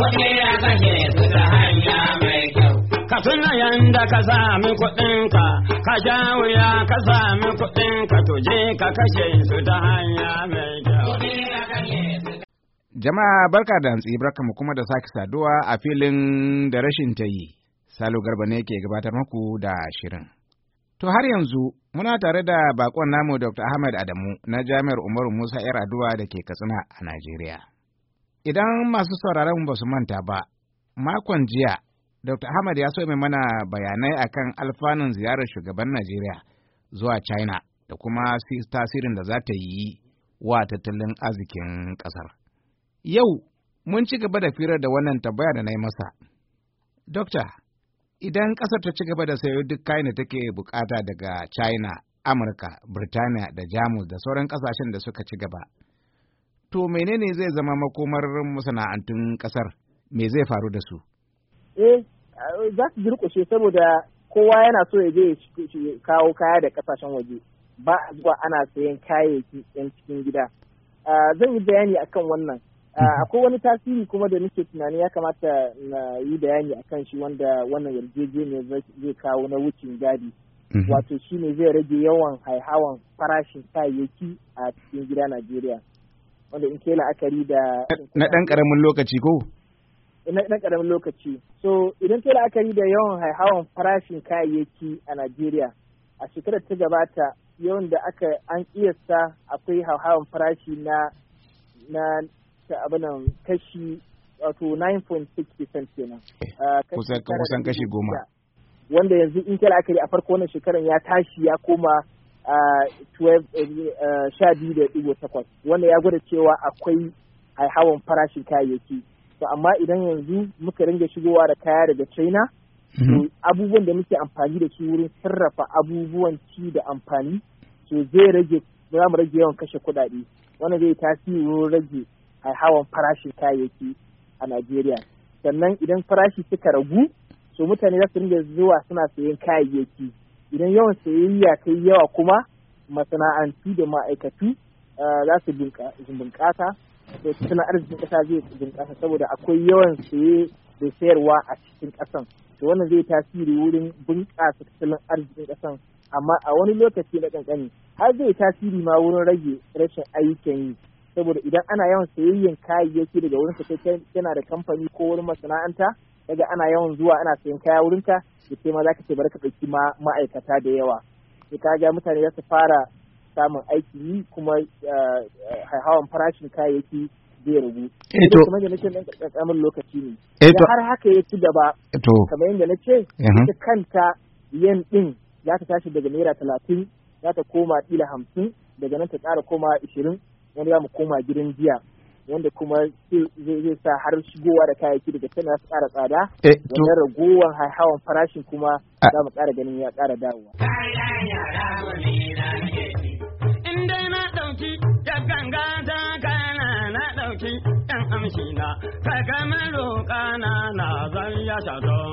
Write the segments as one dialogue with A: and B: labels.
A: kuɗi a kashe su da hanya mai kyau. Ka tuna yanda ka sami kuɗinka, ka ja wuya ka sami kuɗinka tuje ka kashe su ta hanya mai kyau. Jama'a barka da hantsi barka mu kuma da sake saduwa a filin da rashin ta yi. Salo Garba ne ke gabatar muku da shirin. To har yanzu muna tare da bakon namu Dr. Ahmad Adamu na Jami'ar Umaru Musa 'yar Aduwa da ke Katsina a Najeriya. Idan masu sauraron ba su manta ba, makon jiya, Dr. Ahmad ya so mai mana bayanai akan alfanun ziyarar shugaban Najeriya zuwa China da kuma tasirin da za ta yi wa tattalin arzikin ƙasar. Yau, mun ci gaba da firar da wannan tambaya da na yi masa. Dokta, idan ƙasar ta ci gaba da sayo duk kayan da take bukata daga China, Amurka, Birtaniya da Jamus da sauran ƙasashen da suka ci gaba, to menene zai zama makomar masana'antun kasar me zai faru da su
B: eh za su durkushe saboda kowa yana so ya je ya kawo kaya da kasashen waje ba a zuwa ana sayan kayayyaki yan cikin gida zan yi bayani akan wannan mhm. akwai wani tasiri kuma da nake tunani ya kamata na yi bayani akan shi wanda wannan yarjejeniyar zai kawo na wucin gadi mhm. wato shi ne zai rage yawan haihawan farashin kayayyaki a cikin gida najeriya wanda in ke la'akari da
A: na ɗan ƙaramin lokaci ko
B: na ɗan ƙaramin lokaci so idan ke la'akari da yawan haihawan farashin kayayyaki a Najeriya a shekarar ta gabata yawan da aka an ƙiyasta akwai hauhawan farashi na na abinan kashi wato 9.6% kenan eh, ah, kusan kashi goma wanda yanzu in ke la'akari a farko wannan shekarar ya tashi ya koma Eh, eh, sha biyu da takwas wanda ya gwada cewa akwai haihawan hawan farashin kayayyaki to amma idan yanzu muka ringa shigowa da kaya daga china mhm. abubuwan da muke amfani da su wurin sarrafa abubuwan ci da amfani to zai rage za mu rage yawan kashe kuɗaɗe wanda zai tasiri wurin rage haihawan hawan farashin kayayyaki a najeriya sannan idan farashi suka ragu to mutane za su ringa zuwa suna sayan kayayyaki idan yawan sayayya ta yawa kuma masana'antu da ma'aikatu eh, za su bunƙasa da tattalin arzikin ƙasa zai bunƙasa saboda akwai yawan saye da sayarwa a cikin ƙasan to wannan zai tasiri wurin bunƙasa tattalin arzikin ƙasan amma a wani lokaci na ƙanƙani har zai tasiri ma wurin rage rashin ayyukan yi saboda idan ana yawan sayayyen kayayyaki daga wurin ka yana da kamfani ko wurin masana'anta daga ana yawan zuwa ana sayan kaya wurinka da sai ma za ka ce bari ka ɗauki ma'aikata da yawa ka ga mutane za su fara samun aiki yi kuma eh, eh, hawan farashin kayayyaki zai ragu. Eto. Eh, kamar yadda na ce ɗan ƙarƙamin lokaci ne. Eto. Har haka ya ci gaba. Eto. Kamar yadda na ce. Mhm. Ita kanta yen ɗin za ta tashi daga naira talatin za ta koma ƙila hamsin daga nan ta ƙara koma ashirin wani za mu koma gidan jiya. wanda kuma zai sa har shigowa da kayayyaki daga can su ƙara tsada eh, wannan ragowar hawan farashin kuma za mu ƙara ganin ya ƙara dawowa.
A: In dai na ɗauki kana na ɗauki ɗan amshi na, ka gama roƙa na na zan ya shato.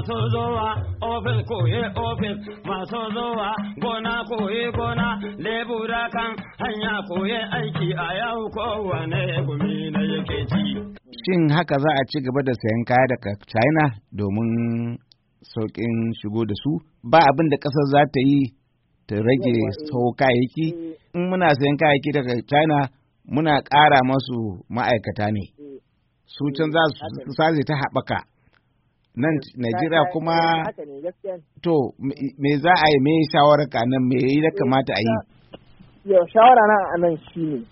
A: masu zuwa ofis koye ofis masu zuwa gona koye gona lebura kan hanya koye aiki a yau kowane gumi na yake ci. Shin haka za a ci gaba da sayan kaya daga China domin sauƙin shigo da su? Ba abin da ƙasar za ta yi ta rage sau kayayyaki? In muna sayan kayayyaki daga China muna ƙara masu ma'aikata ne. Sucin za su ta haɓaka. nan eh, Najeriya kuma
B: eh,
A: to me za a yi me shawararka nan me yi da kamata a yi
B: yau shawara na a nan shi ne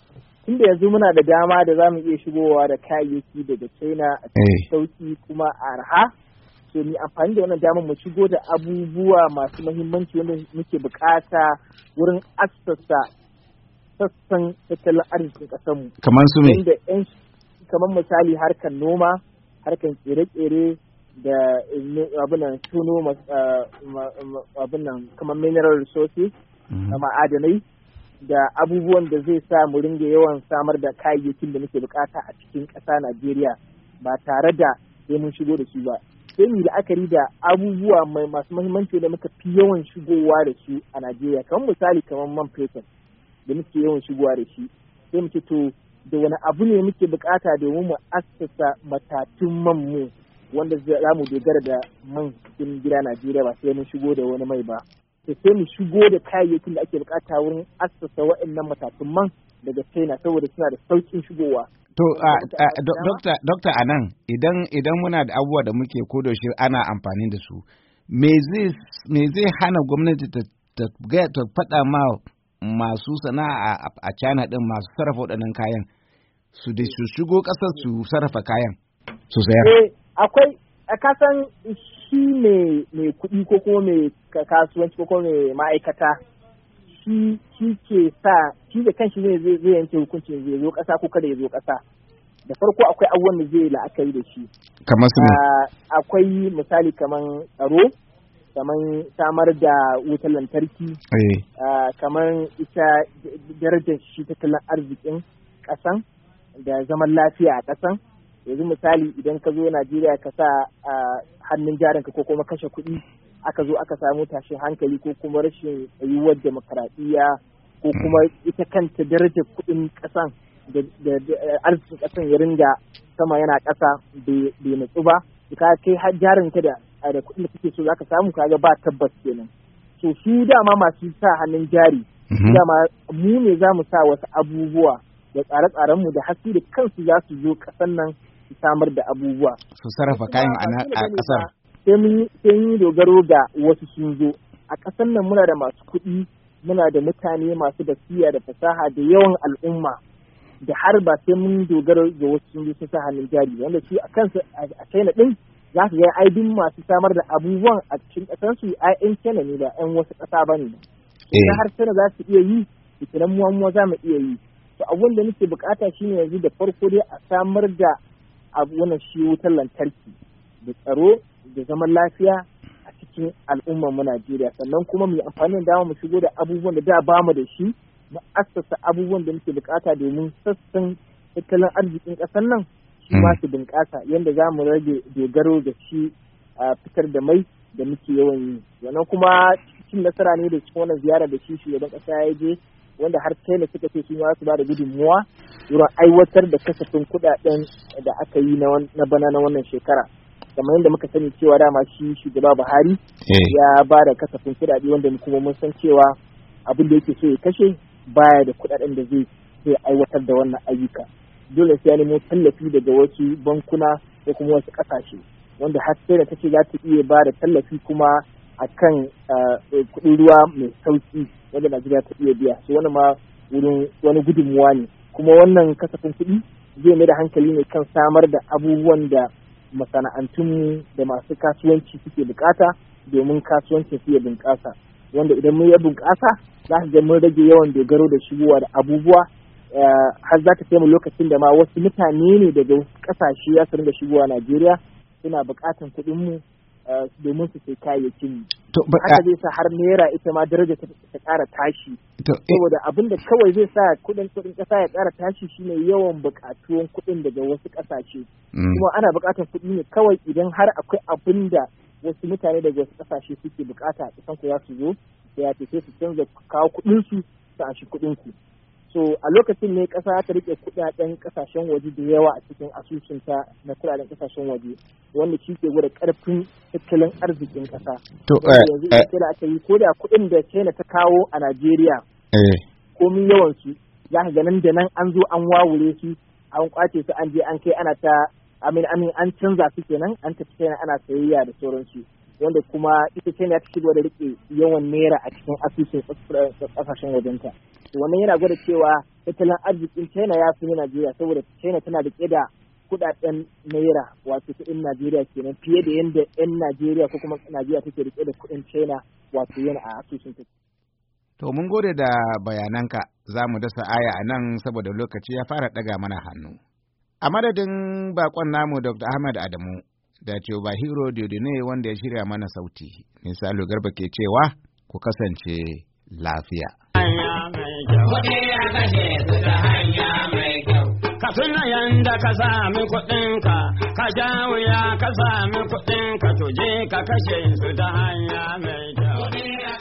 B: tunda yanzu muna da dama da zamu iya shigowa da kayayyaki daga China a eh. sauki kuma a arha so ni amfani da wannan damar mu shigo da abubuwa masu muhimmanci wanda muke bukata wurin assasa sassan tattalin arzikin ƙasarmu. Kamar su me? kamar misali harkan noma, harkan tsere-tsere, da eh, abinan tuno eh, abinan kamar mineral resources da mm-hmm. ma'adanai da abubuwan da zai sa mu ringa yawan samar da kayayyakin da muke bukata a cikin ƙasa Najeriya ba tare da sai mun shigo da su ba. Sai mu la'akari da abubuwa mai masu mahimmanci da muka fi yawan shigowa da su a Najeriya kamar misali kamar man fetur da muke yawan shigowa da shi sai mu ce to da wani abu ne muke bukata domin mu assasa matatun man mu wanda za mu dogara da man cikin gida Najeriya ba sai mun shigo da wani mai ba. To sai mu shigo da kayayyakin da ake bukata wurin assasa wa'annan matakin man daga China saboda suna da sauƙin shigowa.
A: To, Dokta a nan, idan muna da abubuwa da muke kodoshi ana amfani da su, me zai hana gwamnati ta faɗa ma masu sana'a a China ɗin masu sarrafa waɗannan kayan, su da su shigo ƙasar su sarrafa kayan, su sayar. Eh,
B: akwai a kasan shi mai kuɗi ko kuma mai kasuwanci ko kuma mai ma'aikata shi ke sa shi da kanshi ne zai yanke hukuncin zai zo ƙasa ko kada ya zo ƙasa da farko akwai abubuwan da zai la'akari da shi
A: kamar su ah,
B: akwai misali kamar tsaro kamar samar da wutar lantarki eh. ah, kamar ita darajar shi tattalin arzikin ƙasan da zaman lafiya a ƙasan yanzu misali idan ka zo najeriya ka sa hannun jarinka ko kuma kashe kuɗi aka zo aka samu tashin hankali ko kuma rashin yiwuwar demokaradiyya ko kuma ita kanta daraja kuɗin ƙasan da eh, arzikin ƙasan ya ringa sama yana ƙasa bai nutsu ba ka kai jarinka da da kuɗin da kake so zaka samu kaga ba tabbas kenan so su dama masu sa hannun jari mhm. dama mu ne za mu sa wasu abubuwa da tsare-tsarenmu da haske da kansu za su zo ƙasan nan su samar da abubuwa
A: su sarrafa kayan a ƙasar.
B: sai mun yi dogaro ga wasu sun zo a ƙasar nan muna da masu kuɗi muna da mutane masu basira da fasaha da yawan al'umma da har ba sai mun dogaro ga wasu sun sun sa hannun jari wanda su a kansu a China ɗin za su ga aibin masu samar da abubuwan a cikin ƙasar su ai ƴan China ne da ƴan wasu ƙasa ba ne eh. Ina har China za su iya yi ikinan muwa muwa za mu iya yi to abin da nake bukata shine yanzu da farko dai a samar da abu wannan shi wutar lantarki da tsaro da zaman lafiya a cikin al'ummar mu Najeriya sannan kuma mu yi amfani da mu shigo da abubuwan da da ba mu da shi mu assasa abubuwan da muke bukata domin sassan tattalin arzikin ƙasar nan shi ma su bunƙasa yanda za mu rage dogaro da shi a fitar da mai da muke yawan yi sannan kuma cikin nasara ne da cikin wannan ziyara da shi shugaban ƙasa ya je wanda har na suka ce sun yi su ba da gudunmuwa wurin aiwatar da kasafin kudaden da aka yi na bana na wannan shekara kamar yadda muka sani cewa dama shi shugaba buhari eh. ya ba da kasafin kudade wanda kuma mun san cewa abin da yake so ya kashe baya da kudaden da zai zai aiwatar da wannan ayyuka dole sai ya nemo tallafi daga wasu bankuna ko kuma wasu kasashe wanda har sai da ta ce za ta iya ba da tallafi kuma a kan kuɗin ruwa mai sauki wanda najeriya ta iya biya su wani ma wurin wani gudunmuwa ne kuma wannan kasafin kuɗi zai mai da hankali ne kan samar da abubuwan da masana'antunmu da masu kasuwanci suke bukata domin kasuwanci su ya bunƙasa wanda idan mun yi bunƙasa za su ga mun rage yawan dogaro da shigowa da abubuwa eh, har za ta kai mu lokacin da ma wasu mutane ne daga ƙasashe ya su ringa shigowa Najeriya suna buƙatan kuɗinmu Eh, domin su sai kayayyakin
A: haka eh. zai
B: sa har naira ita ma daraja ta ƙara tashi eh. saboda abin da kawai zai sa kuɗin kuɗin ƙasa ya ƙara tashi shine yawan buƙatuwan kuɗin daga wasu ƙasashe mm. kuma ana buƙatar kuɗi ne kawai idan har akwai abin da wasu mutane daga wasu ƙasashe suke buƙata a ƙasan ku za su zo ya ce sai su canza kawo kuɗinsu su ashi shi kuɗin ku so a lokacin ne kasa ta rike kudaden kasashen waje da yawa a cikin asusunta na kudaden kasashen waje wanda shi ke gwada karfin tattalin arzikin kasa
A: to eh, yanzu da
B: aka yi ko da kudin da China ta kawo a Najeriya eh. komin yawan su za ka ganin da nan an zo an wawure su an kwace su an je an kai ana ta amin amin an canza su kenan an tafi China ana sayayya da sauransu wanda kuma ita ce ta shigo da rike yawan naira a cikin asusun kasashen wajenta. Wannan yana gwada cewa tattalin arzikin China ya fi Najeriya saboda China tana da da kudaden naira wato kudin Najeriya kenan fiye da yadda 'yan Najeriya ko kuma Najeriya take rike da kudin China wato yana a asusun
A: To mun gode da bayananka za mu dasa aya a nan saboda lokaci ya fara ɗaga mana hannu. A madadin bakon namu Dr. Ahmad Adamu da Teobahiro Diodine wanda ya shirya mana sauti. Nisa Garba ke cewa ku kasance lafiya. Ka yanda ka sami kuɗinka, ka ja wuya ka sami kuɗinka, to je ka kashe su ta hanya mai kyau.